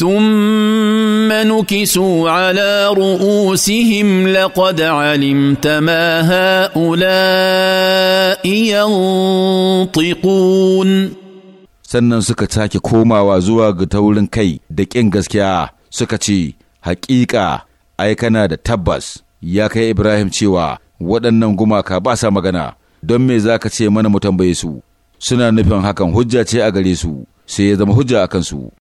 ثم نكسوا على رؤوسهم لقد علمت ما هؤلاء ينطقون sannan suka sake komawa zuwa ga taurin kai da ƙin gaskiya suka ce haƙiƙa ai kana da tabbas ya kai ibrahim cewa waɗannan gumaka ba sa magana don me za ka ce mana mu tambaye su suna nufin hakan hujja ce a gare su sai ya zama hujja a kansu